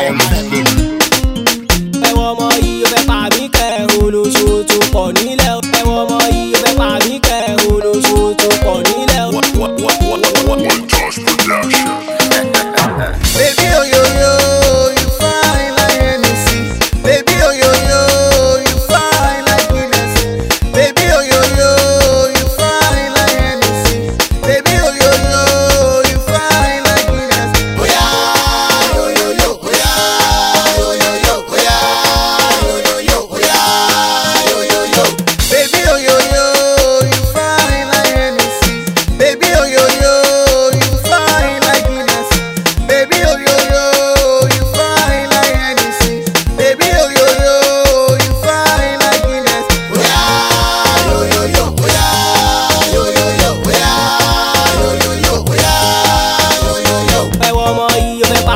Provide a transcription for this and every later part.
am. ẹ̀wọ̀n ọmọ yìí ó fẹ́ pa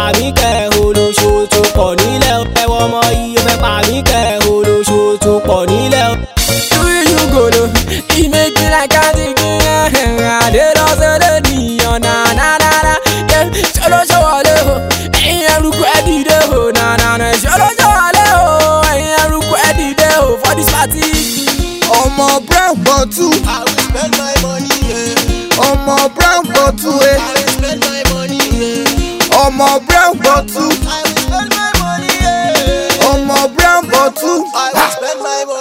pa mí kẹ́ olóṣó tó pọ̀ nílẹ̀ ẹ̀wọ̀n ọmọ yìí ó fẹ́ pa mí kẹ́ olóṣó tó pọ̀ nílẹ̀. irú gòlò ìmẹ̀jì làkà ti gbìyànjú àdé lọ́sọ̀rọ̀ nìyàn nànánà ṣọlọ́ṣọ́ wọlé o ẹ̀yin ẹrùkú ẹ̀ dìde o nànánà ṣọlọ́ṣọ́ wọlé o ẹ̀yin ẹrùkú ẹ̀ dìde o for this party. ọmọ brown bottle. I will spend my money. ọmọ brown bottle. Eh. I will spend my money. my brown bottle. I will spend my money. Yeah. my brown bottle. I will spend my money.